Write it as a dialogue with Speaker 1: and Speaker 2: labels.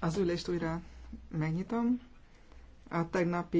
Speaker 1: Az ülést újra megnyitom. A tegnapi